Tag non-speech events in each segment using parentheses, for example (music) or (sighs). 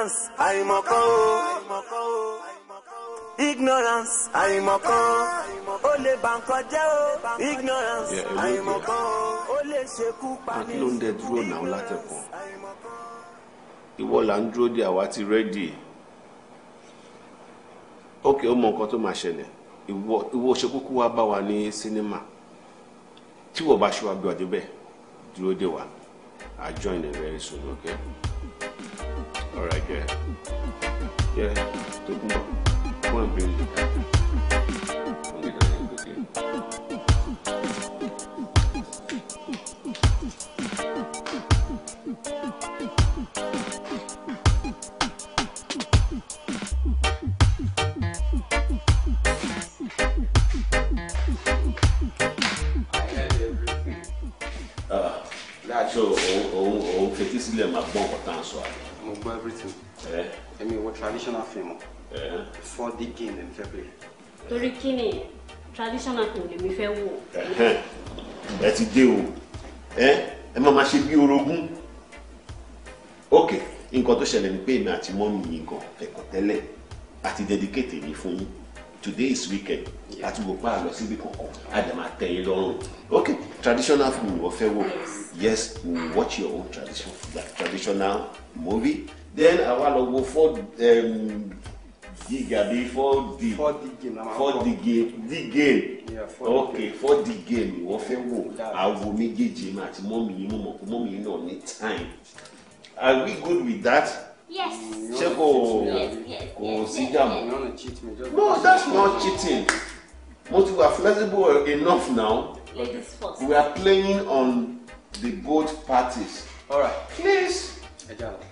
ignorance àìmọ̀kan o ignorance àìmọ̀kan ó lè bà nǹkan jẹ́ o ignorance àìmọ̀kan ó lè ṣekú pa ní. kí ló ń dẹ dúró náà látẹ̀kọ́ ìwọ là ń dúró de àwa ti rẹ́dì ókè ó mọ nǹkan tó máa ṣẹlẹ̀ ìwọ ṣe kúkú bá wa ní sinimá tí wọ́n bá ṣe wá gbé ọdún bẹ́ẹ̀ dúró de wa i join you very soon okay. All right, yeah. Yeah, one. billion. láti òun òun òun fetí sílẹ̀ máa gbọ́ nǹkan tá à ń sọ àná mo gbọ́ everything eh? èmi wo traditional film eh? four d game lèmi fẹ́ pè. torí kí ni traditional film lèmi fẹ́ wò. Eh, ẹ ti dé o ẹ má máa ṣe bí orogún ok nǹkan tó ṣẹlẹ̀ ni pé èmi àti mọ́mí yìí nǹkan ẹ̀kọ́ tẹ́lẹ̀ àti dedicate mi fún yín today is weekend àti wò pa àlọ́ síbi kankan àdàmà tẹ̀ yín lọ́rùn ok traditional food ni wọ́n fẹ́ yes we will watch your own tradition, like traditional movie then I want to go for um, game. àbí the game, four the game the game Okay, four the game ni wọ́n fẹ́ wò àwo méjèèjì mà àti mọ́mì yìí mọ̀ pé mọ́mì yìí náà time are we good with that. Yes. ṣé kò kò no that's not cheating mo ti are flexible enough now. Ladies first. We are playing on the both parties. All right. Please.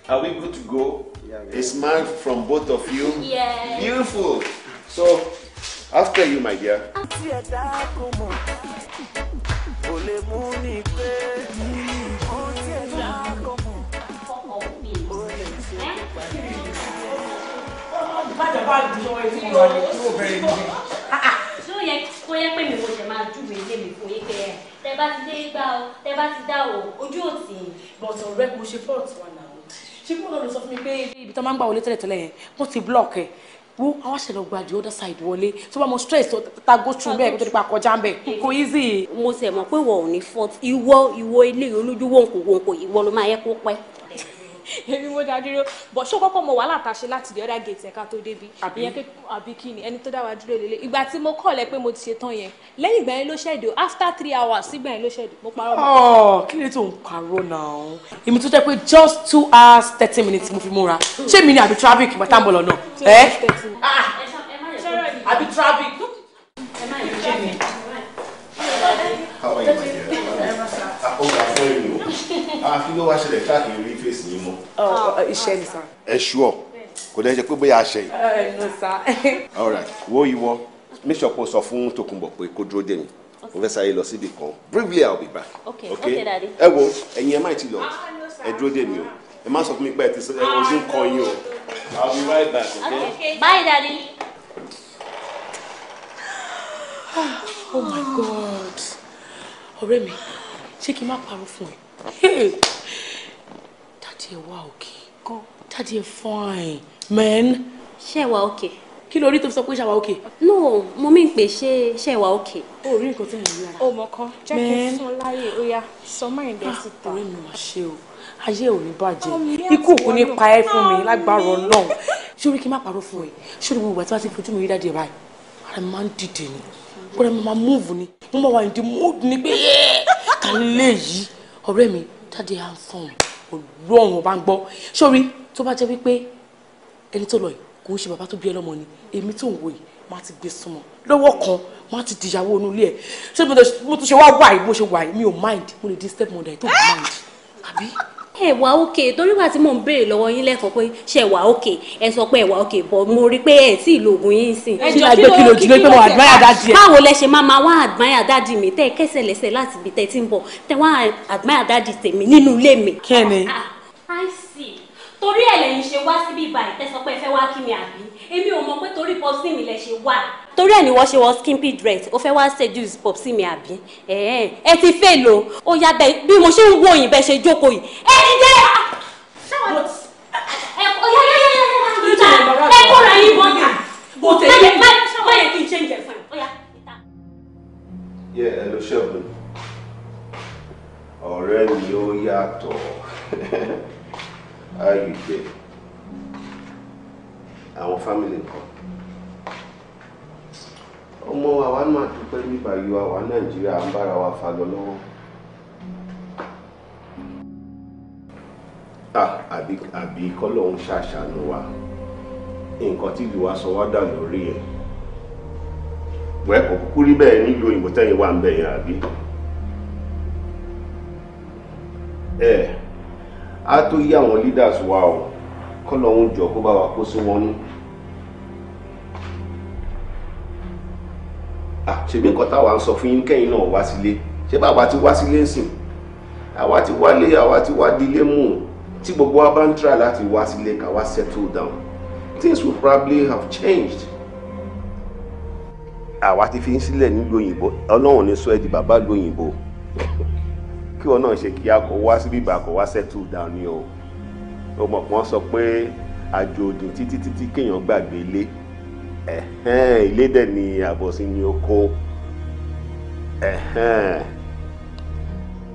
Are we good to go? Yeah, yeah. A smile from both of you. Yeah. Beautiful. So, after you, my dear. Bájọba àdìyàn yẹ pé mi mo ṣẹ̀ máa júwe ilé mi fún yín pé ẹ̀ tẹ bá ti dé gbá o tẹ bá ti dá o ojú ò bọ̀tọ̀ rẹ mo ṣe fọ́ọ̀tì wa náà ṣé kí lọ sọ fún mi pé ibi tí wọ́n máa ń gbà wọlé tẹ́lẹ̀tẹ́lẹ̀ yẹn wọ́n ti block ẹ̀ wo àwọn àṣẹ lọ gba the other side wọlé tó bá mo stress ta go through bẹ́ẹ̀ kó tó di pa kọjá ń bẹ̀ kò easy. mo ṣe mọ̀ pé wọ́n ò ní fọ́ọ̀tì ìwọ ìwọ ilé olójú wọ̀nkò wọ̀nkò ìwọ ló máa yẹ kó pẹ́ (laughs) èmi mo dá dúró bọ̀ ṣó kọ́kọ́ mo wàhálà tá a ṣe láti the other gate ẹ̀ka tó débi ìyẹn pé àbí kí ni ẹni tó dá wa dúró lélẹ̀ ìgbà tí mo kọ̀ lẹ́ pé mo ti ṣe yẹn lẹ́yìn ìgbà yẹn ló ṣẹ̀dọ̀ after three hours sígbà yẹn ló ṣẹ̀dọ̀ mo parọ́ mọ́. Oh, kí lè tó ń parọ́ náà èmi tó jẹ́ pé just two hours thirty minutes mo fi múra ṣé mi ni àbí traffic bàtà ń bọ̀ lọ́nà eh? ah, àbí traffic. kí ló wá ṣẹlẹ̀ káàkiri rí fèsì yìí mọ́. iṣẹ́ ni sá. ẹ ṣùọ́ kò dẹ́ ṣe pé bóyá a ṣe yìí. ẹ ló sá. (laughs) all right wo ìwọ make sure kó sọ fún Tòkunbọ̀ pé kó dúró dé mi mo fẹ́ sáré lọ síbi kan briefly I'll be back. ok ok daddy. ẹ wo ẹ̀yin ẹ má ti lọ ẹ dúró dé mi o ẹ má sọ fún mi pé ẹ ti ojú kan yín o i be right back okay. bye daddy. (sighs) oh my god ọ̀rẹ́ mi ṣé kí n má parọ́ fún ẹ dáàdi ẹ wá òkè gan dáàdi ẹ fine man. ṣé ẹ wá òkè. kí ló rí tó fi sọ pé ṣe àwa òkè. no mo mí pé ṣé ṣé ẹ wá òkè. o rí nǹkan tí mo rí ara. o mọ kan jẹ́ kí n fún láyé oya sọ máa ń dẹ́ síta. ọ̀rẹ́ mi máa ṣe o ayé ò ní bàjẹ́ ikú kò ní pa ẹ́ fún mi ah. lágbára ọlọ́run sórí kí n má parọ́ fún ẹ sórí gbogbo àti wá ti fojú mi rí dáàdi ẹ báyìí ara mi máa ń dìde ni kọ́ra mi máa múùfù ni mo máa wà ní di múùdù ni pé eh, kàlẹ́ yìí ọ̀rẹ́ mi jáde handsome ọlọ́run ọba ń gbọ́ sórí tó bá jẹ́ wípé ẹni tó lọ yìí kò ń ṣe bàbá tó bí ẹ lọ́mọ ni èmi tó ń wò yìí má ti gbé súnmọ́ lọ́wọ́ kan má ti dìyàwó inú ilé ẹ̀ ṣé mo tún ṣe wá wà bó ṣe wà mi ò mind mo lè di step mother tó mind àbí ẹ wà òkè torí wà tí mò ń béèrè lọ́wọ́ yín lẹ́kọ̀ọ́ pé ṣe wà òkè ẹ sọ pé ẹ wà òkè bọ̀ mo rí pé ẹ tí ì lo oògùn yín sìn. ẹ jọ kí ló kí ló wà admire dadi ẹ. báwo lẹ ṣe máa máa wá admire dadi mi tẹ kẹsẹ̀ lẹ́sẹ̀ láti ibi tẹ ti ń bọ̀ tẹ wá admire dadi tèmi nínú ilé mi. kẹ́ni. Ah, ah, i see torí ẹ̀ lẹ́yìn ṣe wá síbí ìbàyìí tẹ sọ pé ẹ fẹ́ wá kí mi àbí èmi ò mọ̀ pé torí popsi mi lẹ ṣe wà. torí ẹ̀ ni wọ́n ṣe wọ skimpy dress ó fẹ́ wá seduce popsi mi àbí ẹ ti fẹ́ lò ó yá bẹ́ẹ̀ bí mo ṣe ń wo yìí bẹ́ẹ̀ ṣe jókòó yìí. ẹ ti jẹ́ ẹ kóra yín bọ́ta bó tẹ̀lé báyẹn kí n ṣe ń jẹ fún ẹ. Yeah, hello, Sheldon. Ọ̀rẹ́ mi ó yàtọ̀. How you dey? àwọn family kan ọmọ wa náà dúpẹ́ nígbà yọ àwa nàìjíríà ń wa fa lọ lọ́wọ́ àbí kọ́lọ́hún ṣàṣàánú wa nǹkan tí ìlú wa sọ wá dà lórí ẹ̀ wẹ́ kúkú rí bẹ́ẹ̀ nílùú òyìnbó tẹ́yìn wà ń bẹ̀ yẹn leaders wa o kọ́lọ́hún jọ kó bá wa kó sí wọn ṣebí nǹkan táwa ń sọ fún yín kẹ́yìn náà wá sílé ṣé bàbá ti wá sílé ń sìn àwa ti wálé àwa ti wá dilé mú tí gbogbo wa bá ń try láti wá sílé ká wá settle down things will probably have changed. àwa ti fi ń sílẹ̀ nílùú òyìnbó ọlọ́run ní sọ ẹ́ di bàbá ìlú òyìnbó (laughs) kí wọn náà ṣe kí a kò wá síbí ìgbà kò wá settle down ni o ó mọ̀ pọ́n sọ pé àjò òdùn títí títí kéèyàn gbàgbé ilé ilé dẹ̀ ni àbọ̀sí ni ó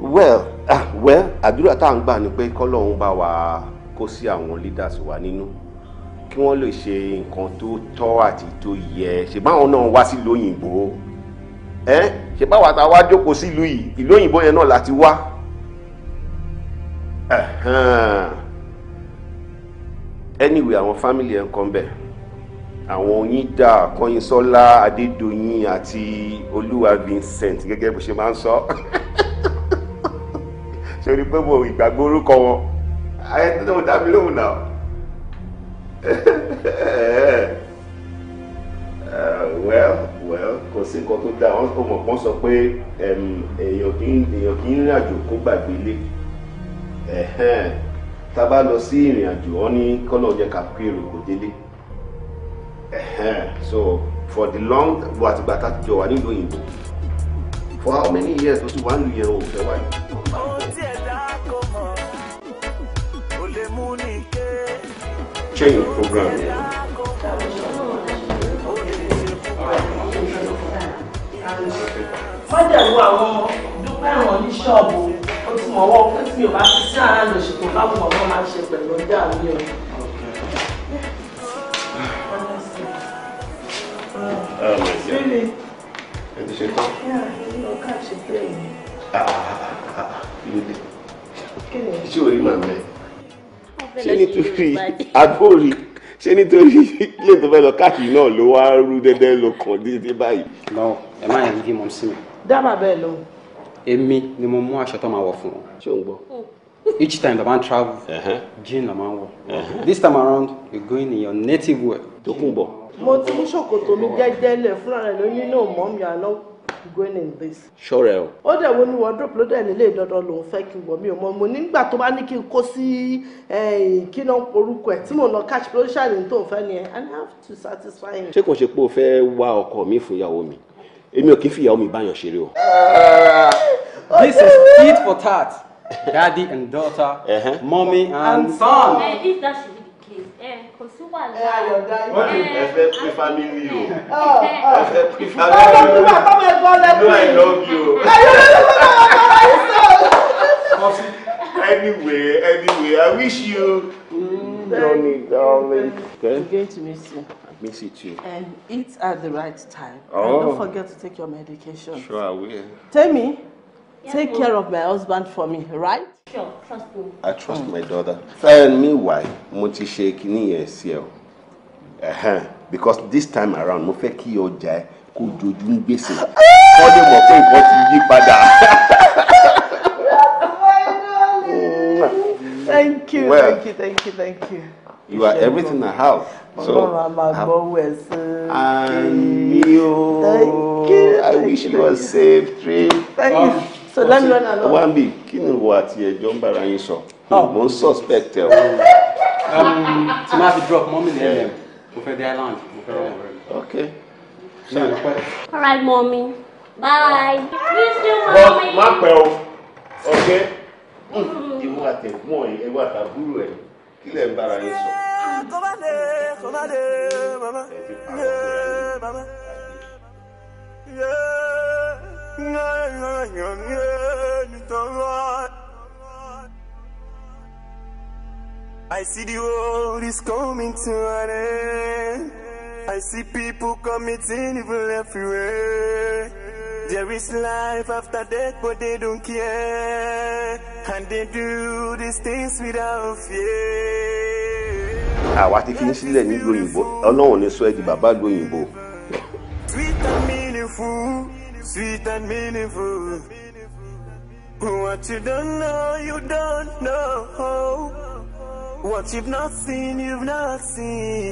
well ah, well àdúrà tá à ń gbà ni pé kọ́lọ́hún bá wa kó sí àwọn leaders wa nínú kí wọ́n lè ṣe nǹkan tó tọ́ àti tó yẹ ṣèbáwọn náà wá sílùú òyìnbó ṣèbáwọn àtàwọn wá jókòó sílùú yìí ìlú òyìnbó yẹn náà láti wá anyway àwọn family ẹ̀ ń kọ́ ń àwọn Oyinda Kọ́yinsọ́lá Adédoyin àti Olúwa Vincent gẹ́gẹ́ bó ṣe máa ń sọ sori (laughs) pé mo ìgbàgbọ́ orúkọ wọn ayé tó dá lóhùn náà (laughs) well well kò sí nǹkan tó dáa wọn kò mọ̀ pọ́n sọ pé èèyàn kì í rìn àjò kó gbàgbé ilé tá a bá lọ sí ìrìn àjò wọn ní kọ́nà jẹ́ ká kò délé so for the long what àtìgbà tá ti jọ wà nílùú for how many years ló ti wà nílùú yẹn o fẹ́ change program yẹn. mọ́jẹ̀lú àwọn dúpẹ́ ràn ní ṣọ́ọ̀bù ó ti mọ̀ wọ́n pé tí mi ò bá ti sí àárín àlòṣù tó bá wù ọ́ máa ṣe pẹ̀lú ọjà mi o. Oh my God. Really? Did you shake off? Yeah, you know, can't she play me? Ah, ah, ah, you did. Kidding. Ṣé o rí màmá ẹ̀? Ṣé nítorí àbórí? Ṣé nítorí ilé tó fẹ́ lọ káàkiri náà ló wá rú dẹ́dẹ́ lọ kàn déédéé báyìí? Báwo, ẹ má yẹn gígí mọ́ sí mi. Dábàá bẹ́ẹ̀ lọ. Èmi ni mo mú aṣọ tó máa wọ̀ fún wọn. Ṣé o ń gbọ́? each time the man travel uh -huh. jean la man wọ this time around you going in your native wear. tó kún bọ̀ mo ti mú ṣòkòtò mi jẹ́jẹ́lẹ̀ fúnra rẹ̀ ló ní náà mọ́ mi àná going in this. ṣọ́rẹ́ o. ó dẹ̀ wo ni wardrobe ló dẹ̀ nílé dandan lòun fẹ́ kí n wọ̀ mí o mọ mo nígbà tó bá ní kí n kó sí kí náà orúkọ ẹ̀ tí mò lọ catch producer ní tó ń fẹ́ ni ẹ̀ and I have to satisfy him. ṣé kò ṣe pé o fẹ́ wá ọkọ mi fún ìyàwó mi èmi ò kí n fi ìyàwó mi báyọ̀ ṣeré o. (laughs) this is tit for tat daddy and daughter mommy and, son. Uh, if that should be kò sí wàhálà wọ́n ti ẹsẹ̀ pé family o ẹsẹ̀ pé family o ló oh, oh. I love you o. anyway anyway I wish you. Mm, Johnny darling. Okay. I'm going to miss you. Miss you too. And eat at the right time. Oh. And don't forget to take your medication. Sure, I will. Tell me, yeah, take well. care of my husband for me, right? Sure. I trust mm. my daughter. And meanwhile, mo ti ṣe kíní yẹn sí ẹ o. Because this time around, mo fẹ́ kí ọjà ẹ kó dojú ń gbèsè. Kọ́lé mọ̀ pé nǹkan ti yí padà. Thank you, well, thank you, thank you, thank you. You are everything I have. So, I, I, oh, you, I wish you a safe trip. Thank you so lẹ́nu lọ́nà lọ. wá bí kí ni wo àti ẹjọ́ ń bára yín sọ oh. mo ń suspect ẹ o. (laughs) Um, tí máa fi drop mọ́mí ní ẹ̀mí mo fẹ́ dé island mo fẹ́ rán ok ṣe é pẹ́. all right mommy bye. miss you mommy. má pẹ́ o ok ìmú àtẹ̀gbọ́n ẹ̀ ẹ̀wọ́ àtàbúrò ẹ̀ kí lẹ̀ ń bára yín sọ. kọ́mádé I see the world is coming to an end. I see people committing evil everywhere. There is life after death, but they don't care. And they do these things without fear. àwa ti fi ń sílẹ̀ nílùú òyìnbó ọlọ́run ní sọ ẹ́ di bàbá ìlú òyìnbó. Sweet and meaningful sweet and meaningful. What you don't know, you don't know. What you've not seen, you've not seen.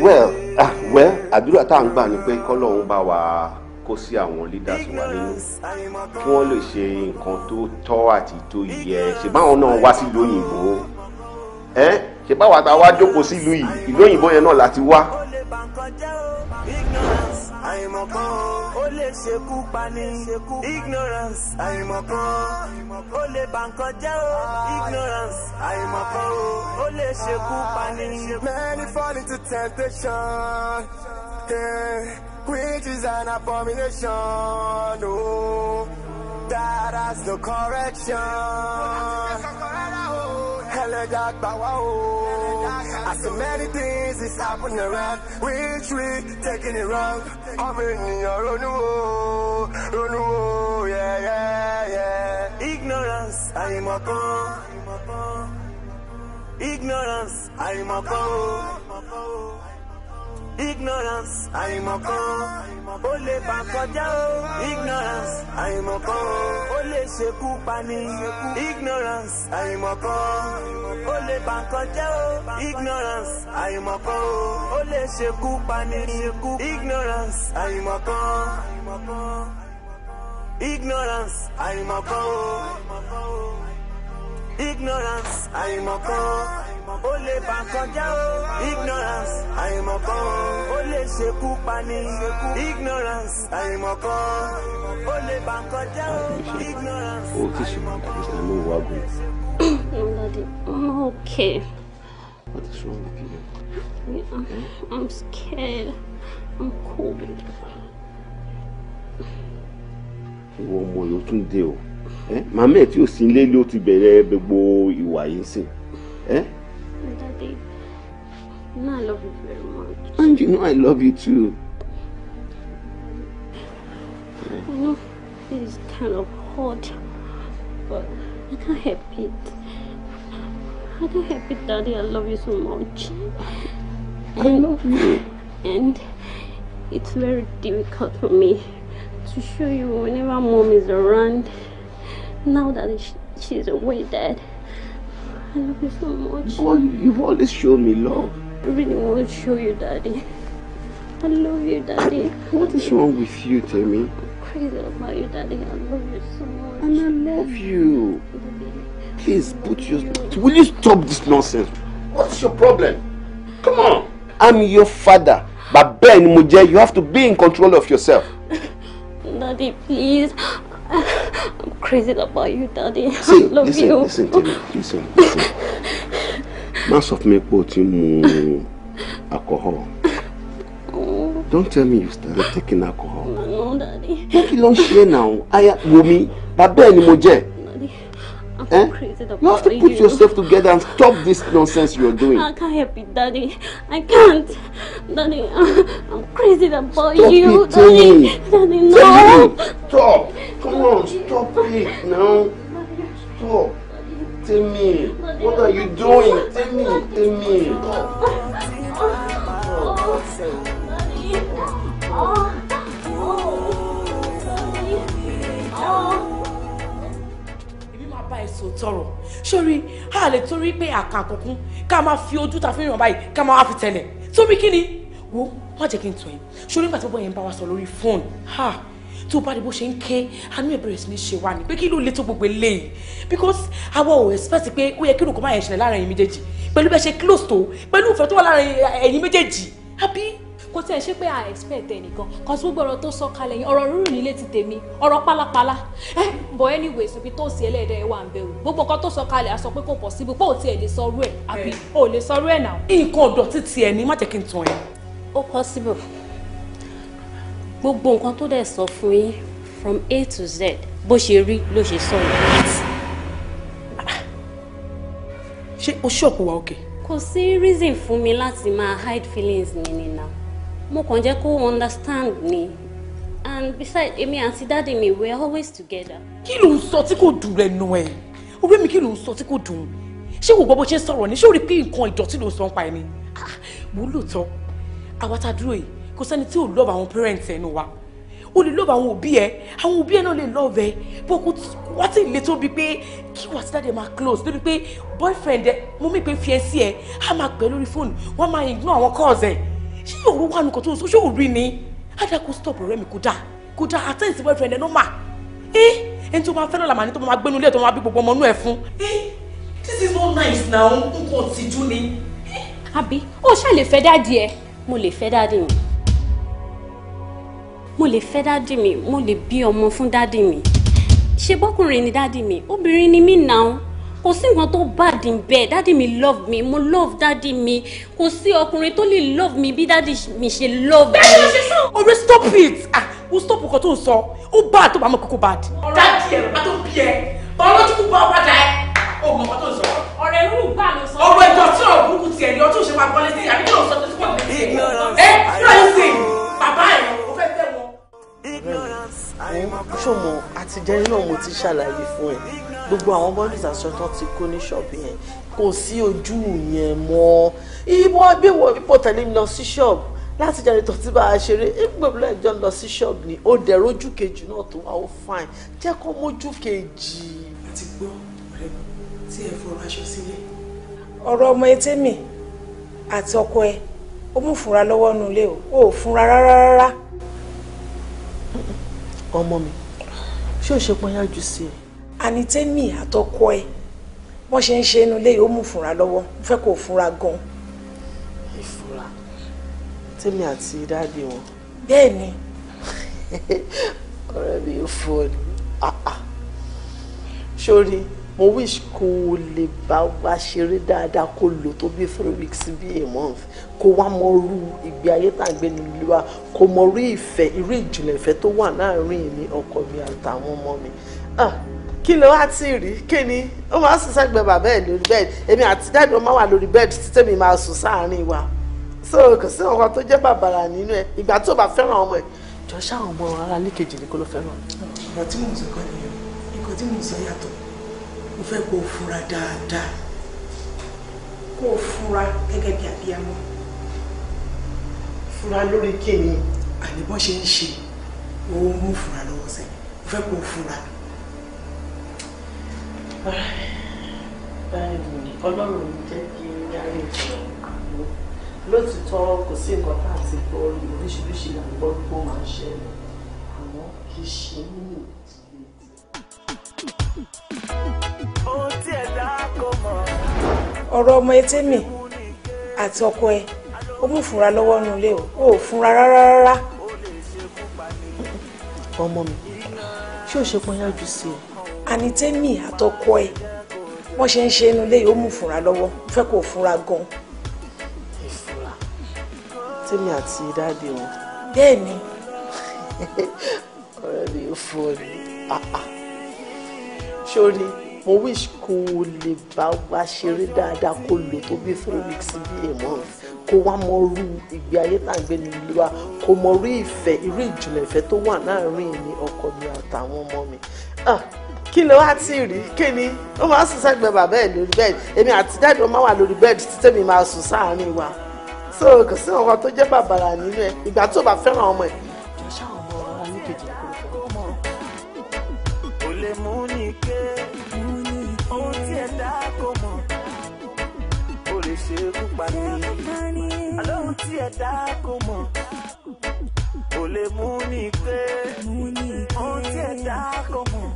Well, ah, well, àdúrà tá à ń gbà ni pé kọ́lọ́hún bá wa kó sí àwọn leaders wa nínú kí wọ́n lè ṣe nǹkan tó tọ́ àti tó yẹ ṣe báwọn náà wá sílùú òyìnbó ṣe báwa tá a wá jókòó sílùú yìí ìlú òyìnbó yẹn náà láti wá àìmọ̀kan ó lè ṣekú pani ignorance àìmọ̀kan ó lè bà nǹkan jẹ́ o ignorance àìmọ̀kan ó lè ṣekú pani. many fall into temptation yeah, which is an abomination. Oh, that has no correction. Ẹlẹ́dàá dark wá I see many things is happening around which we taking it wrong. ọmọ ènìyàn ronú o ronú o yẹ́yẹ́yẹ́. ignorance àìmọ̀kan ignorance àìmọ̀kan o ignorance àìmọ̀kan ó lè bà kọjá o ignorance àìmọ̀kan ó lè ṣekú pani ignorance àìmọ̀kan ó lè bà kọjá o ignorance àìmọ̀kan ó lè ṣekú pani ignorance àìmọ̀kan ignorance àìmọ̀kan o ignorance àìmọ̀kan ó lè bà nǹkan o. ignorance àìmọ̀kan ó lè ṣekú pani. ignorance àìmọ̀kan ó lè bà nǹkan o. ignorance àìmọ̀kan. No, Daddy, I'm okay. What is wrong with you? Yeah, I'm scared. I'm cold. Ìwọ ọmọ yóò tún dé o. Màmá ẹ̀ tí ò sí nílé ló ti bẹ̀rẹ̀ gbogbo ìwà yìí sìn. know I love you very much. And you know I love you too. I know it's kind of hard, but I can't help it. I can't help it, Daddy. I love you so much. I love you. And it's very difficult for me to show you whenever mom is around. Now that she's away, Dad, I love you so much. Oh, you've always shown me love. really want to show you, Daddy. I love you, Daddy. What is wrong with you, Temi? Crazy about you, Daddy. I love you so much. And I love you. Please put your. Will you stop this nonsense? What's your problem? Come on. I'm your father. But Ben Mujer, you have to be in control of yourself. (laughs) Daddy, please. (laughs) I'm crazy about you, Daddy. See, I love listen, you. Listen, Timmy. Listen, listen. (laughs) má of me mi pé o alcohol don't tell me you started taking alcohol. no daddy. wọ́n kí ló ń ṣe náà aya wo mi bàbá ẹ̀ ni mo jẹ́. Eh? You have to put you. yourself together and stop this nonsense you are doing. I can't help it, Daddy. I can't. Daddy, I'm crazy about stop you. It, Daddy, Daddy, no. Stop. Stop. Come on, stop it now. Stop. Timmy, what are you doing? Timmy, Timmy. tọrọ sórí a lè torí pé àkàkùnkùn ká máa fi ojú ta fi ràn báyìí ká máa fi tẹ̀lẹ̀ sórí kí ni wo má jẹ́ kí n tọ̀ ẹ́ sórí nígbà tí wọ́n yẹn bá wa sọ lórí fóònù tó bá di bó ṣe ń ké àánú ẹ̀ bẹ̀rẹ̀ sí ní ṣe wá ni pé kí ló le tó gbogbo eléyìí because àwa ò expect pé ó yẹ kí nǹkan máa yẹn ṣẹlẹ̀ láàrin ẹ̀yin méjèèjì pẹ̀lú bẹ́ẹ̀ ṣe close tó pẹ̀lú ìfẹ́ tó wà láàrin ẹ̀yin méjèèjì àbí kò tẹ̀ ṣe pé à expect ẹnìkan kan tó gbọ́dọ̀ tó sọ kalẹ̀ yín ọ̀rọ̀ rúrù nílé ti tèmi ọ̀rọ̀ pálapàla ẹ eh, bọ̀ anyway ibi tó sì ẹlẹ́dẹ̀ wà ń bẹ̀rù gbogbo nǹkan tó sọ kalẹ̀ a sọ pé kò possible pé ò tiẹ̀ lè sọrú ẹ̀ àbí eh. ò lè sọrú ẹ̀ náà. nǹkan ọ̀dọ̀ títí ẹni má jẹ́ kí n tàn ẹ́. ó possible gbogbo nǹkan tó dẹ̀ sọ fún yín from a to z bó ṣe rí ló ṣe sọ yìí. ṣé o ṣọ́ọ̀pù wa òkè. kò sí reason fún mi láti máa hide feelings mi nìna mo kàn jẹ́ kó understand me, and besides èmi àti dáàdi mi we are always together. kí ló ń sọ tí kò dùn rẹ̀ nù ẹ̀ ọ̀rẹ́ mi kí ló ń sọ tí kò dùn ṣé wò gbọ́ bó ṣe ń sọ̀rọ̀ ni ṣé o rí pé nǹkan ìdọ̀tí ló ń sọ ń pa ẹni wò ah, lóòótọ́ àwa ta dúró yìí kò sẹ́ni tí ò love àwọn parents ẹnu wa o lè love àwọn òbí ẹ àwọn òbí ẹ náà lè love ẹ bó kò wá tí ìletò bíi pé kí wàá sídáde máa close débi pé boyfriend ẹ mo mí pé fi ẹ sí ẹ á máa pẹ lórí fóònù wọn máa ignore àwọn calls ẹ ṣé òru wà nùkọ tó ń sọ ṣé òru ni ádá kó stop ọ̀rẹ́ mi kó dáa kó dáa àtẹ̀sí boyfriend ẹ normal ẹ ẹni tó máa fẹ́ràn làmàní tó máa gbénu ilé tó máa bí gbogbo ọmọ inú ẹ fún. this is not nice now nǹkan ọ̀tìjú ni. àbí ó ṣàlè fẹ́ dáàdi ẹ mo lè fẹ́ dáàdi o mo lè fẹ́ dádì mi mo lè bí ọmọ fún dádì mi ṣe bọ́kùnrin ni dádì mi obìnrin ni mí náà kò sí nǹkan tó bad in bed dádì mi love mi mo love dádì mi kò sí ọkùnrin tó lè love mi bí dádì mi ṣe love mi. bẹ́ẹ̀ ni ṣe sọ. ọ̀rẹ́ stop it ah mo stop nǹkan tó ń sọ ó bá àtọ́ bá mọ̀ kókó bad. dádì ẹ̀ bá tó bí ẹ tó kú bá ọ̀rọ̀ dà ẹ́ ó mọ̀ nǹkan tó ń sọ. ọ̀rẹ́ irú gbà ló sọ. ọ̀rọ̀ ẹ̀jọ̀ ṣọmọ àtijẹ́rí náà mo ti ṣàlàyé fún ẹ gbogbo àwọn bọ́ọ̀lù ìsàsọ ti kó ní ṣọ́ọ̀bù yẹn kò sí ojú yẹn mọ́ ìwọ bí ipò tẹ̀lé mi lọ sí ṣọ́ọ̀bù láti jáde tó ti bá a ṣeré ìgbòmìnira ìjọ lọ sí ṣọ́ọ̀bù ni ó dẹ̀rọ ojú kejì náà tó wà ó fine jẹ́ kó mójú kejì. àti gbọ́ ọ̀rẹ́ tí ẹ fọ̀rọ̀ aṣọ sílẹ̀. ọ̀rọ̀ ọmọ etí mi àti ọkọ ẹ ó mú fúnra lọ́wọ́ nulẹ̀ o ò fúnra rárá rárá ọmọ mi ṣé ò ṣe pọ́nyá jù sí ẹ. àní tẹ́mi àtọkọ ẹ bọ́n ṣe ń ṣe inú ilé yìí ó mú fúnra lọ́wọ́ mo fẹ́ kó fúnra gan-an. ìfura tẹ́mi àti dáàdi wọn. bẹ́ẹ̀ ni. (laughs) ọ̀rẹ́ mi ò fọ́ ni sórí mo wish kó o lè bá wa ṣeré dáadáa kó lò tó bí three weeks bí a month kó wá mọ irú ìgbé ayé tá à ń gbé nílé wa kó mọ irú ìfẹ́ irú ìjìnlẹ̀ ìfẹ́ tó wà láàárín èmi ọkọ mi àtàwọn ọmọ mi ah, kí ló wá tí rí kí ni ó máa sùn sẹ́gbẹ́ bàbá ẹ̀ lórí bẹ́ẹ̀dì èmi àti dáàdì wọn wà lórí bẹ́ẹ̀dì títí èmi máa sùn sáàárín wa so kò sí ọkọ tó jẹ́ bàbàrà nínú ẹ̀ ìgbà tó bá fẹ́ràn ọmọ ẹ̀ jọ ṣáà ọmọ ara ní ní kó ló fẹ́ràn. ọ̀rọ̀ tí mò sọ kọ́ nìyẹn nǹkan tí mò sọ yàtọ̀ mo fẹ́ kó o fura dáadáa kó o fura gẹ́gẹ́ bí abiyamọ fura lórí kíni àní bọ́n ṣe ń ṣe owó mú fura lọ́wọ́ sẹ́ mo fẹ́ kó o fura. báyìí ni ọlọ́run jẹ́ kí yára ìjọ lótìtọ́ kò sí nǹkan tá a ti gbọ́ oríṣiríṣi là ń gbọ́ pé ó máa ń ṣẹlẹ̀ àmọ́ kì í ṣe nínú ìdílé ọ̀rọ̀ ọmọ etí mi àti ọkọ ẹ ó mú fúnra lọ́wọ́ nínú ilé o ò fúnra rárá rárá. ọmọ mi ṣé ò ṣe pọn yájú sí o. àní tẹ́mì àtọkọ ẹ wọ́n ṣe ń ṣe inú ilé yìí ó mú fúnra lọ́wọ́ fẹ́ kó fúnra gan-an. tẹ́mì àti dáàdi wọn. bẹ́ẹ̀ (laughs) ọ̀rẹ́ mi ò fọ́ ni ṣó ni. For wish kó lè bá wa ṣeré dáadáa kó lò tó bí three weeks bí a month kó wá mọ rú ìgbé ayé tá à ń gbé ní ìlú wa kó mọ rí ìfẹ́ irú ìjùlẹ̀ ìfẹ́ tó wà láàárín èmi ọkọ mi àtàwọn ọmọ mi kí ló wá tí rí kí ni ó máa sùn sẹ́gbẹ̀ẹ́ bàbá ẹ̀ lórí bẹ́ẹ̀dì èmi àti dáàdì ó wà lórí bẹ́ẹ̀dì títí èmi máa sùn sáàárín wa so kò sí nǹkan tó jẹ́ bàbàrà nínú ẹ̀ ìgbà tó bá fẹ́ràn ọmọ ẹ̀ jọ ṣáà ọmọ ọmọ oníkejì kò lè mú ní kéé. ṣekú pa ni àlóhun tí ẹ dá kó mọ̀ kò lè mú ní pé ohun tí ẹ dá kó mọ̀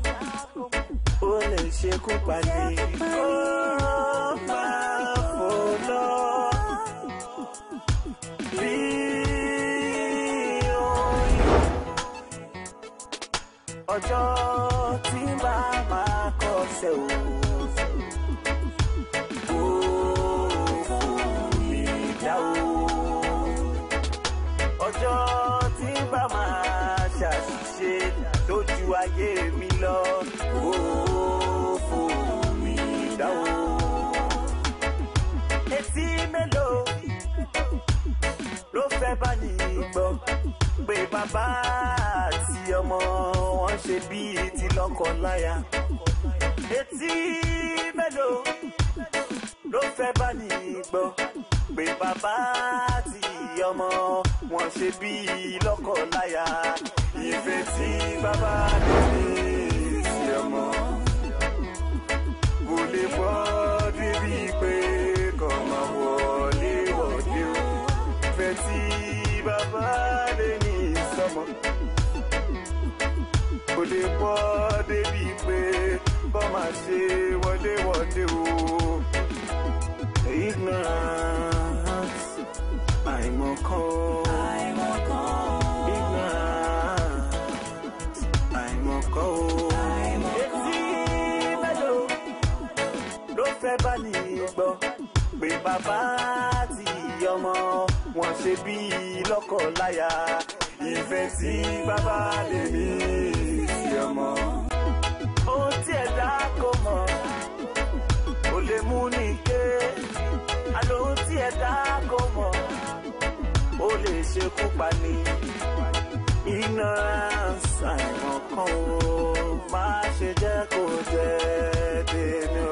ó lè ṣekú pa ni ó máa fò lọ. ọjọ́ tí bá máa kọsẹ̀ òun. aṣọ tí bá máa ṣàṣìṣe tó ju ayé mi lọ. Ó fún mi dáwọ́. Etí mélòó ló fẹ́ bá ní gbọ́ pé bàbá àti ọmọ wọn ṣe bíi ti lọ́kọláya. Etí mélòó ló fẹ́ bá ní gbọ́ pé bàbá àti ọmọ wọ́n ṣe bí lọ́kọ̀láya ìfẹ́ tí bàbá mi ní sí ọmọ kò lè bọ́ débi pé kọ́ máa wọlé wọ̀dé o ìfẹ́ tí bàbá lè ní sọmọ kò lè bọ́ débi pé bọ́ máa ṣe wọlé wọ̀dé o ignorance àìmọ̀kan. fẹ́ bá ní gbọ́ pé bàbá àti ọmọ wọn ṣe bí lọ́kọ̀láyà ìfẹ́ tí bàbá lè mí sí ọmọ. ohun tí ẹ̀dá kò mọ̀ ó lè mú ní ké àlóhun tí ẹ̀dá kò mọ̀ ó lè ṣekú pani ignorance àìmọ̀kan o má ṣe jẹ́ kó jẹ́ dénú.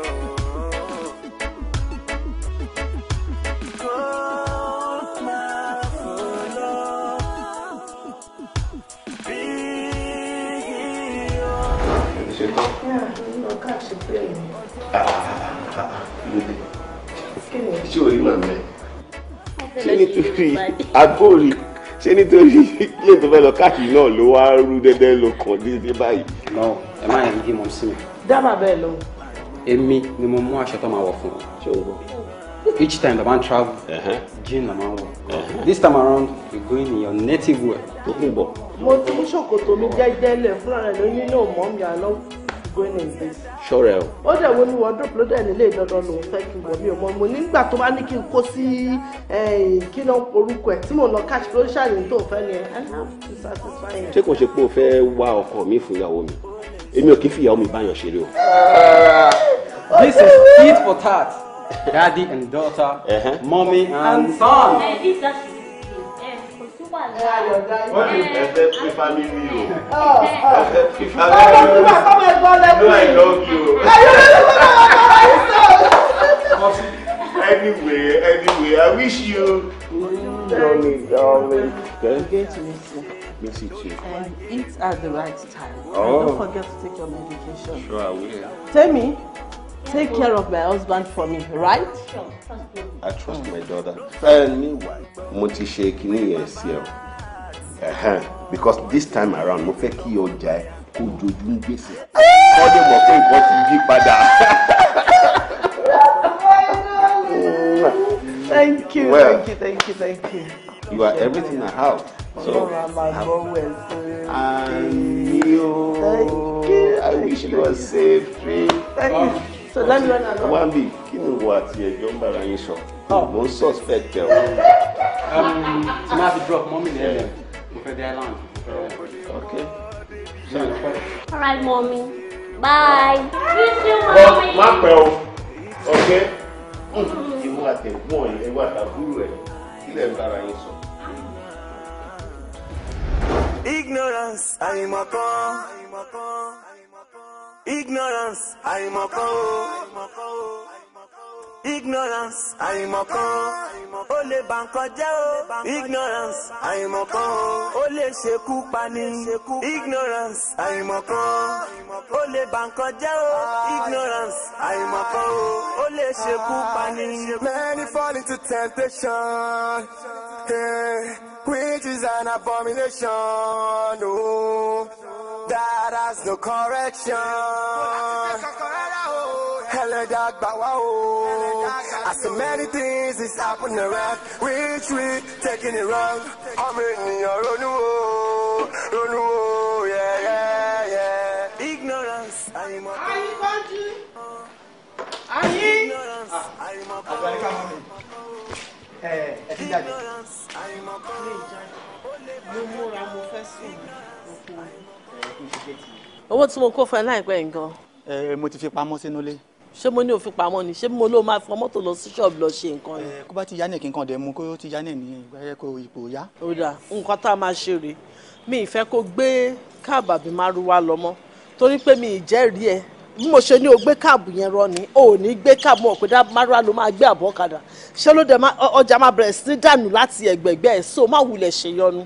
ṣe tán. ah, o rí màmí ẹ ṣé nítorí agbórí ṣé nítorí ilé tó fẹ́ lọ káàkiri náà ló wá rú dẹ́dẹ́ ló kàn déédéé báyìí. lọ ẹ má yẹ kí mo sí mi. dábàá bẹ́ẹ̀ lọ. èmi ni mo mú aṣọ tó máa wọ̀ fún ọ. each time that i wan travel jean na ma wọ̀ this time around you're going in your native way Ògùnbọ̀. mo ti mú ṣòkòtò mi jẹ́jẹ́ lẹ̀ fúnra rẹ̀ lóní náà mọ́ mi àlọ́ going in this. ṣọ́rẹ́ o. ó dẹ̀ wo ni wardrobe ló dẹ̀ nílé ìdandan lòún fẹ́ kí n wọ̀ mí o mọ̀ mo nígbà tó bá ní kí n kó sí kí náà orúkọ ẹ̀ tí mo lọ káàkiri ló ṣàlàyé tó fẹ́ ni ẹ̀ ẹ̀ ṣé kò ṣe pé o fẹ́ wá ọkọ mi fún ìyàwó mi èmi ò kí fìyàwó mi báyọ̀ ṣeré o. (laughs) this is tit for tat daddy and daughter uh -huh. mommy and, and son wà lára. wọ́n ní fi family o. ẹ̀fẹ́ fi family o. ọmọ ìgbà ọmọ ẹ̀gbọ́n lẹ́gbẹ̀ẹ́. no I love you. ayọ̀ ló ló ló ló ló sọ. anyway anyway I wish you. Darling, darling. You're going to miss it. too. And eat at the right time. Oh. And don't forget to take your medication. Sure, I will. Tell me take care of my husband for me, right? Sure, I trust my daughter. And meanwhile, mo ti ṣe kinní yẹn sí ẹ Because this time around, mo fẹ́ kí ọjà ẹ kó jojú ń gbèsè. Kọ́dé mọ̀ pé nǹkan ti yí padà. Thank you, well, thank you, thank you, thank you. You are everything I have. So, I'm always. And you. Thank you. I wish you a safe trip. Thank you wá kí ni ìwọ àti ẹjọ́ ń bára yín sọ oh. mo ń suspect ẹ o. Um, mo fẹ́ dé island. ok. all right mommy bye. bọ́ má pẹ́ o ok. ìwọ àtẹ̀gbọ́n ẹ̀ wà tàbúrò ẹ̀ kílẹ̀ ń bára yín sọ. Ignorance, àyìnbọn kan ignorance àìmọ̀kan o ignorance àìmọ̀kan ó lè bà nǹkan jẹ́ o ignorance àìmọ̀kan ó lè ṣekú pani ignorance àìmọ̀kan ó lè bà nǹkan jẹ́ o ignorance àìmọ̀kan ó lè ṣekú pani. many fall into temptation yeah, which is an abomination. Oh. God has no correction. Ẹlẹ́dàá gbà wá o. As so many things is happening around, which we taking it wrong. Ọmọ ènìyàn ronú o, ronú o, yeah, yeah, yeah. Ignorance, àyìnbọn. Àyìnbọn jí. Ayé. Ignorance, àyìnbọn. Ah. Ah, Àgbàdìkà mọ́ mi. Ẹ ẹ ti jáde. I'm àyìnbọn. Mo múra mo fẹ́ sùn owó tí mo kó fún ẹ láìpẹ́ nǹkan. ẹ mo ti fi pamọ́ sínú ilé. ṣé mo ní òfin pamọ́ ni ṣé mo ló máa fọ mọ́tò lọ sí ṣọ́ọ̀bù lọ ṣe nǹkan ni. kó bá ti yá ní kíkan dẹ̀ mu kó ti yá ní ìgbà yẹ kó ipò yá. ó dà nǹkan tá a máa ṣe rèé mi ì fẹ́ kó gbé káàbà bí márúwá lọ mọ́ torí pé mi ì jẹ́rìí ẹ bí mo ṣe ní o gbé káàbù yẹn rọ ni o ò ní gbé káàbù mọ̀ pé dá márúwá ló máa gbé àbọ̀kadà ṣé ló dẹ̀ ọjà máa bẹ̀rẹ̀ sí dànù láti ẹ̀gbẹ̀gbẹ̀ ẹ̀ so má wulẹ̀ ṣèyọnu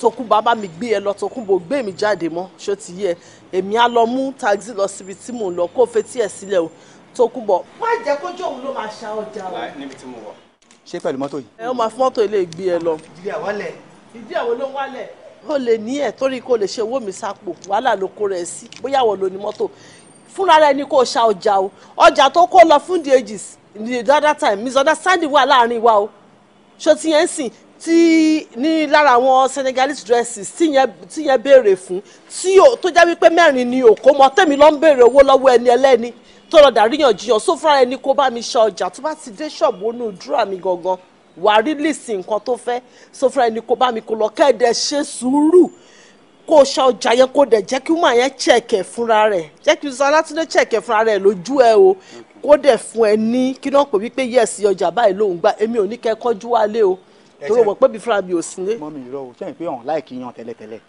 Tòkunbọ̀ á bá mi gbé ẹ lọ Tòkunbọ̀ ò gbé mi jáde mọ́ ṣó ti yẹ èmi á lọ mú taxi lọ síbi tí mò ń lọ kó o fetí ẹ̀ sílẹ̀ o Tòkunbọ̀. má jẹ́ kójú òun ló máa ṣa ọjà o. níbi tí mo wà. ṣé pẹ̀lú mọ́tò yìí. ẹ ó máa fi mọ́tò ilé gbé ẹ lọ. ìdí àwọlẹ̀. ìdí àwọ ló ń wálẹ̀. o lè ní ẹ̀ torí kó lè ṣe owó mi sápò wàhálà ló kó rẹ̀ sí bóyá àwọ̀ ló ní mọ́tò fúnra rẹ̀ ni kó ṣa ọjà o ọjà tó kó lọ fún the ages the other time misunderstanding wà láàrin wa o ṣó ti yẹn sìn tí ní lára àwọn Senegalese dresses tí yẹn tí yẹn béèrè fún tí o tó jẹ́ wípé mẹ́rin ni òkó mọ tẹ́mi ló ń béèrè owó lọ́wọ́ ẹni ẹlẹ́ni tó lọ dàríyànjiyàn so fúnra ẹni kó bá mi ṣe ọjà tó bá ti dé ṣọ̀bù onú dúrà mi gangan wà á rí lìsì nǹkan tó fẹ́ so fúnra ẹni kó bá mi kó lọ kẹ́ẹ̀dẹ̀ ṣe sùúrù kó o ṣe ọjà yẹn kó dẹ̀ jẹ́ kí wọ́n yẹn chẹ̀kẹ̀ fúnra rẹ̀ jẹ́ kí sọ alátúndé chẹ̀kẹ̀ fúnra rẹ̀ lójú ẹ o kó dẹ̀ fún ẹ ní kí náà pè wípé yẹ̀sì ọjà báyìí lòún gbà èmi ò ní kẹ́ kọ́jú wálé o torí wọ́n pẹ́ bí fúlà ò sí lé. mọ́mí irọ́ o sẹ́yìn pé ọ̀n láìkì yan tẹ́lẹ̀tẹ́lẹ̀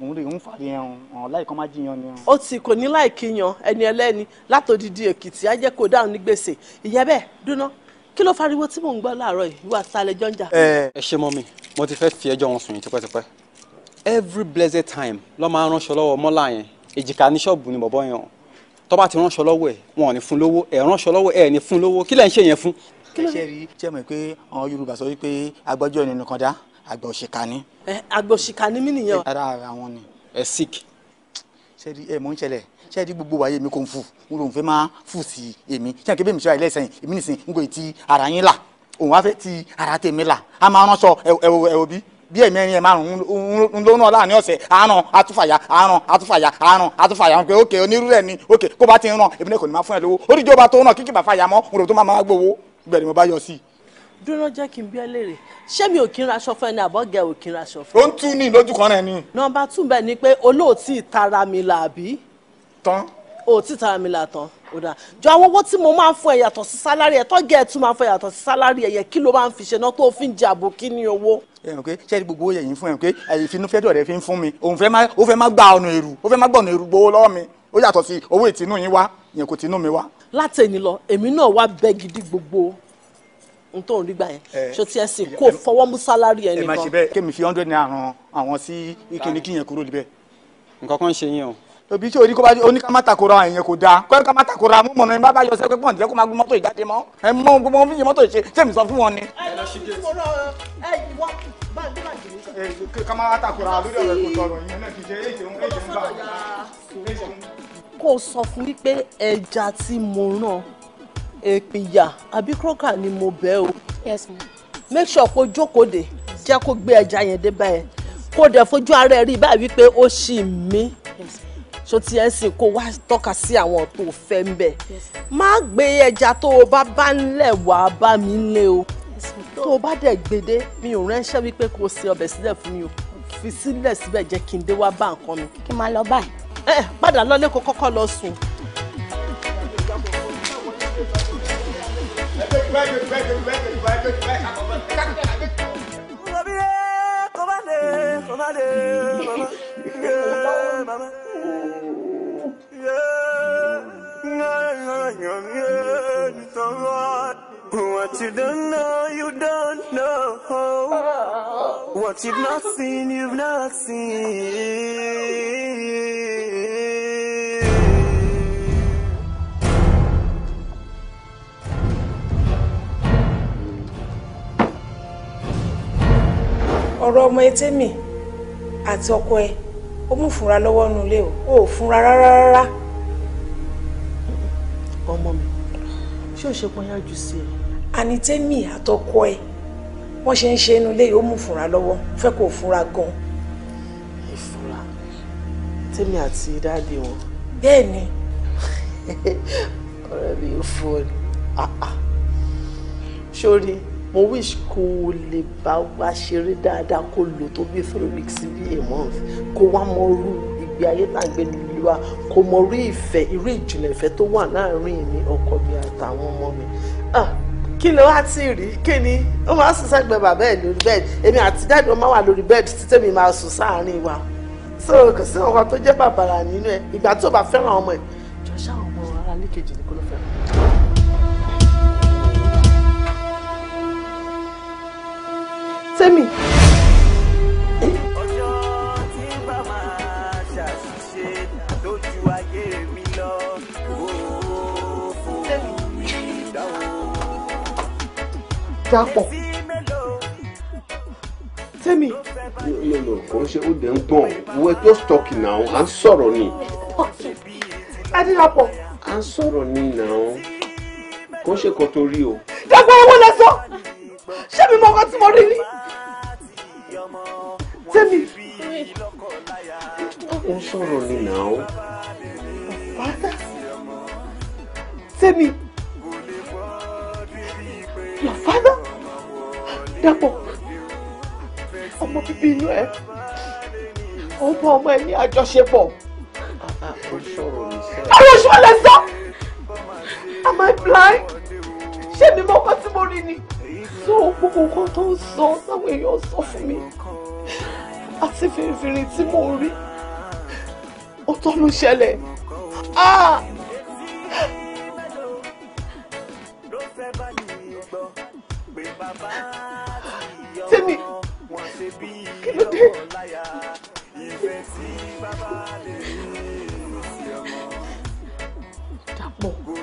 òun rè ń fàrí ẹran ọ̀n láìkọ́ má jiyàn ni. ó ti kò ní láìkì yan ẹni ẹlẹ́ni látòdìdí èkìtì á jẹ́ kó dáhùn ní gbèsè ìyẹn bẹ́ẹ̀ dúná kí ló fariwo tí mò ń gbọ́ láàárọ̀ yìí ìwà sálẹ̀ jọ́njà. ẹ ẹ ṣe mọ́mí mo ti fẹ́ fi ẹjọ́ wọn sùn yìí tipẹ́tipẹ́ every blessed time lọ́ máa ránṣọ lọ́wọ́ mọ́lá yẹn èjìká ní ṣọ́ọ̀bù ni bọ̀bọ́ yẹn tó bá ti ránṣọ lọ́wọ́ ẹ̀ wọn ò ní fún lówó ẹ̀ ránṣọ lọ́wọ́ ẹ̀ ní fún lówó kí lẹ̀ ṣe yẹn fún ṣẹṣẹ rí ṣe mọ̀ pé àwọn Yorùbá sọ wípé agbọ́jọ́ nínú kan dá àgbà òṣìkà ni. àgbà òṣìkà ni mí nìyẹn. ara ara wọn ni ẹ sick ṣe rí ẹ mọ̀ ń ṣẹlẹ̀ ṣe rí gbogbo wáyé mi kò ń fò n lòun fẹ́ máa fò sí èmi ṣe àkébé mi ṣe àìlẹ́ sẹ́yìn èmi nìsín n kò ti ara yín là òun wá fẹ́ ti ara tèmi là á máa ránṣọ ẹ̀wọ̀ ẹ̀wọ̀ bí bí ẹ̀mí ẹ̀rin ẹ̀ márùn-ún ló ń ràn láàrin ọ̀sẹ̀ àárọ̀ àtúfàyà àárọ̀ àtúfàyà àárọ̀ àtúfàyà wọn pé ókè onírúurẹ̀ ni ókè kó bá ti ń ràn èmi náà kò ní máa fún ẹ lówó oríjọba tó ràn kíkì bá fàyà mọ́ òun ló tó máa máa gbowó bẹ́ẹ̀ ni mo bá yọ sí i. dúró jẹ́ kí n bí ẹ léèrè ṣé mi ò kí n raṣọ fún ẹni àbọ̀gẹ́ ò kí n raṣọ fún. ó ń tú ní lójú kan rẹ̀ ni. nọ́mbà tún bẹ́ẹ̀ ni pé olóòtí tara mi là bí. tán. òòtí tara mi là tán ó dáa jọ àwọn owó tí mo máa ń fún ẹ yàtọ̀ sí sálárì ẹ tọ́gẹ̀ ẹ tún máa ń fún ẹ yàtọ̀ sí sálárì ẹ yẹ kí ló máa ń fi ṣe náà tó fi ń jàbò kí ni owó. ẹ ǹ pé ṣé gbogbo owó fún ẹ pé ìfinúfẹ́dọ̀ rẹ fi ń fún mi òun fẹ́ má gba ọ̀nà èrú ó fẹ́ má gba ọ̀nà èrú gbowó lọ́wọ́ mi ó yàtọ̀ sí owó ìtinú yín wá ìyẹn kò tinú mi wá láti èyí lọ èmi náà wá bẹ gidi gbogbo n tó ń rí gbà yẹn ṣó tiẹ̀ sì kó fọwọ́ mú sálárì ẹ̀ nìkan. ẹ má ṣe bẹ́ẹ̀ kémi fi hundred naira ran àwọn sí ìkíni kíyẹn kúrò níbẹ̀. nǹkan kan ń ṣe yín o. tòbí tí oníkọ́ bá dé oníkà má takora àwọn èèyàn kò dáa kọ́ ẹ̀ka má takora mú mọ̀nà ní bábá yọ sẹ́gbẹ́ pọ̀ ǹjẹ́ kó má gbé mọ́tò ìjáde mọ́ ẹ mọ gbogbo fi yẹ mọ́tò ṣe ṣé sọ fún wọn ni. ẹ ká má takora lórí ọ̀rẹ́ kò tọrọ yín kó sọ fún mi pé ẹja tí mo rán èpìyà àbí crocker ni mo bẹ́ o. yes ma. make sure kó jókòó de jẹ́ kó gbé ẹja yẹn dé báyẹn kó dẹ̀ fojú ara ẹ̀ rí báyìí wípé ó ṣì mí so ti ẹ sìn kó wá tọ́ka sí àwọn tó fẹ́ ń bẹ̀. má gbé ẹja tó o bá bá ńlẹ̀ wá bá mi lé o tó o bá dẹ̀ gbédé mi ò ránṣẹ́ wípé kó o ṣe ọbẹ̀ sílẹ̀ fún mi o fi sílẹ̀ síbẹ̀ jẹ́ kí n dé wá bá nǹkan mi. kí n máa lọ báyìí. Eh, padà lọ lẹ́kọ̀ọ́ kọ́kọ́ lọ sùn. What you don't know, you don't know. What you've not seen, you've not seen. ọ̀rọ̀ ọmọ etémi àti ọkọ ẹ ó mú fúnra lọ́wọ́ nu ilé o ò fúnra rárá rárá. ọmọ mi ṣé ò ṣe pọ́nyá jù sí ẹ. àní tèmi àtọkọ ẹ wọ́n ṣe ń ṣe inú ilé yìí ó mú fúnra lọ́wọ́ fẹ́ kó fúnra gan. ìfúnra tèmi àti dáàdi wọn. bẹ́ẹ̀ ni. (laughs) ọ̀rẹ́ mi ò fọ́ ni sórí mo wish kó o lè bá wa ṣeré dáadáa kó lò tó bí three weeks bí a month kó wá mọ irú ìgbé ayé tá à ń gbé nílùú wa kó mọ irú ìfẹ́ irú ìjìnlẹ̀ ìfẹ́ tó wà láàárín mi ọkọ mi àtàwọn ọmọ mi kí ló wá tí ì rí kí ni ó máa sùn sẹ́gbẹ̀ẹ́ bàbá ẹ̀ lórí bẹ́ẹ̀dì èmi àti dáàdì máa wà lórí bẹ́ẹ̀dì títí èmi máa sùn sáàárín wa so kò sí nǹkan tó jẹ́ bàbàrà nínú ẹ̀ ìgbà tó bá fẹ́ràn ọmọ ẹ̀ jọ ṣáà ọmọ ara lékejì ni Fẹ́mi. Dàpọ̀. Fẹ́mi. no no kò ń ṣe ó dẹ̀ ń gbọ̀n we were just talking now à ń sọ̀rọ̀ ni. Adédàpọ̀. à ń sọ̀rọ̀ ni now kò ń ṣe kan tó rí o. Dàpọ̀ owó lẹ sọ ṣé mi mọ ọkọ tí mo rí ni ó ń sọ̀rọ̀ ni nà ó. bàbá sẹ́mi your father dàpọ̀ ọmọ bíbí inú ẹ ọmọ ọmọ ẹ ní àjọṣepọ̀. ó ń sọ̀rọ̀ ni sẹ́mi. àwọn oṣù ọ̀lẹ́ sọ am I blind ṣé mi mọ ọkọ tí mo rí ni. sọ gbogbo nǹkan tó ń sọ táwọn èèyàn sọ fún mi àti fìrìfìrì tí mo rí ó tọ́ ló ṣẹlẹ̀ ah! tẹ́mi kí ló dé. dàpọ̀ ó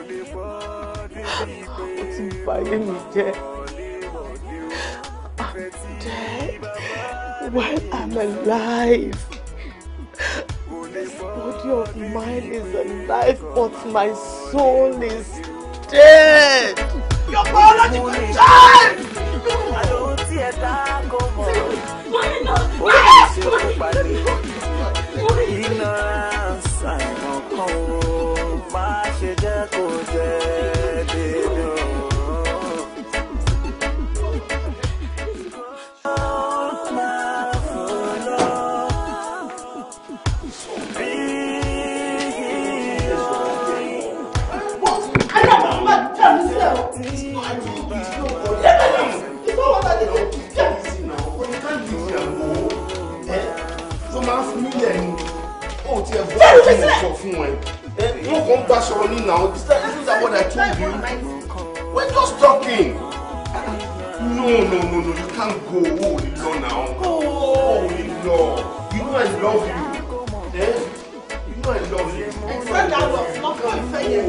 ti bàyé mi jẹ́. while I'm alive. This body of mine is alive, but my soul is dead. Your biological child! Ignorance, I don't know. Má ṣe jẹ́ kó fi sílẹ̀. mo sọ fún ẹ wọn kàn ń bá sọ̀rọ̀ now this is what I told you We're just talking no no no no you can't go o oh, ò now o oh, ò you know I love you eh? you know I love you. that ẹ̀fẹ́ dàgbọ̀ lọ́kọ̀ ìfẹ́ yẹn.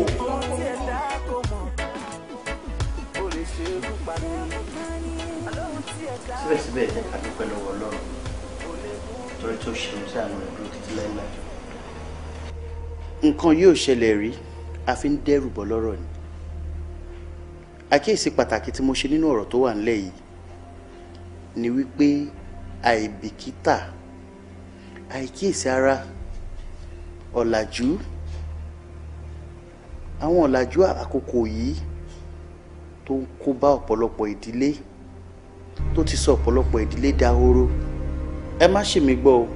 síbẹ̀síbẹ̀ a dúpẹ́ lọ́wọ́ Ọlọ́run torí tó ṣe ń sàánú ẹ̀dúró títí láéláé nǹkan yóò ṣẹlẹ̀ rí a fi ń dẹ́rù bọ́ lọ́rọ̀ ni àkíyèsí pàtàkì tí mo ṣe nínú ọ̀rọ̀ tó wà ńlẹ̀ yìí ni wípé àìbìkítà àìkíyèsí ara ọ̀làjú àwọn ọ̀làjú àkókò yìí tó ń kó bá ọ̀pọ̀lọpọ̀ ìdílé tó ti sọ ọ̀pọ̀lọpọ̀ ìdílé dahoro ẹ má ṣe gbọ́ o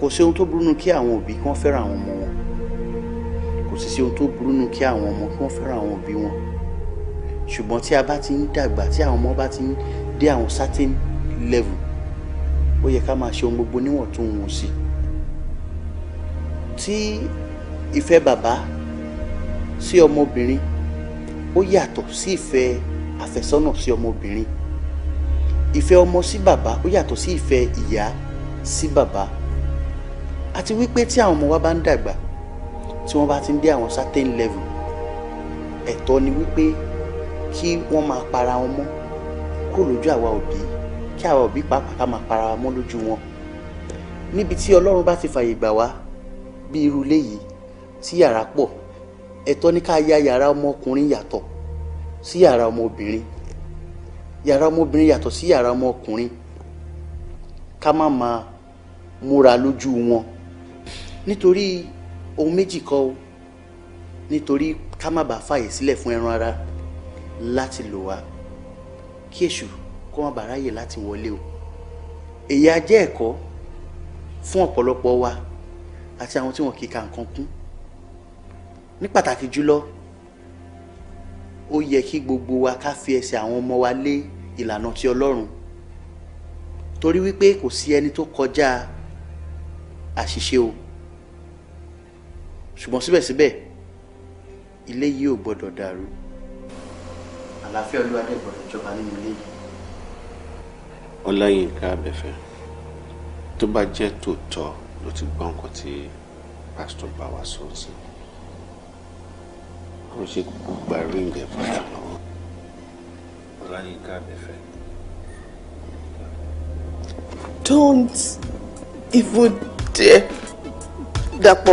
kò sí ohun tó burú nu kí àwọn òbí kí wọ́n fẹ́ràn àwọn ọmọ wọn kò sì sí ohun tó burú nu kí àwọn ọmọ kí wọ́n fẹ́ràn àwọn òbí wọn ṣùgbọ́n tí a bá ti ń dàgbà tí àwọn ọmọ bá ti ń dé àwọn certain level ó yẹ ká máa ṣe ohun gbogbo níwọ̀ntúnwọ̀nsì tí ìfẹ́ bàbá sí ọmọbìnrin ó yàtọ̀ sí ìfẹ́ àfẹ́sọ́nà sí ọmọbìnrin ìfẹ́ ọmọ sí bàbá ó yàtọ̀ sí ìfẹ́ ìyá sí bàbá àti wípé tí àwọn ọmọ wa bá ń dàgbà tí wọ́n bá ti ń dé àwọn certain level ẹ̀tọ́ ni wípé kí wọ́n máa para wọn mọ́ kúrò lójú àwa òbí kí àwa òbí pàápàá ká máa para wa mọ́ lójú wọn níbi tí ọlọ́run bá ti fàyè gbà wá bí irú léyìí tí yàrá pọ̀ ẹ̀tọ́ ni ká ya yàrá ọmọkùnrin yàtọ̀ sí yàrá ọmọbìnrin yàrá ọmọbìnrin yàtọ̀ sí yàrá ọmọkùnrin ká má máa múra lójú wọn nítorí ohun méjì kọ́ o nítorí ká má bàa fààyè sílẹ̀ fún ẹran ara láti lò wá kí èṣù kó má bàa ráyè láti wọlé o èyí á jẹ́ ẹ̀kọ́ fún ọ̀pọ̀lọpọ̀ wa àti àwọn tí wọn kì í ka nǹkan kún ní pàtàkì jùlọ ó yẹ kí gbogbo wa ká fi ẹsẹ̀ àwọn ọmọ wa lé ìlànà ti Ọlọ́run torí wípé kò sí ẹni tó kọjá àṣìṣe o ṣùgbọ́n síbẹ̀síbẹ̀ ilé yìí ò gbọ́dọ̀ dàrú àlàáfíà olúwadé gbọ́dọ̀ jọba nínú ilé yìí. ọláyínká abẹ́fẹ́ tó bá jẹ́ tòótọ́ ló ti gbọ́ nǹkan tí pásítọ̀ bá wa sọ sí ó ṣe kúkú gba ríǹgì ẹ̀ padà lọ́wọ́ ọláyínká abẹ́fẹ́. Don't even dare Dapo.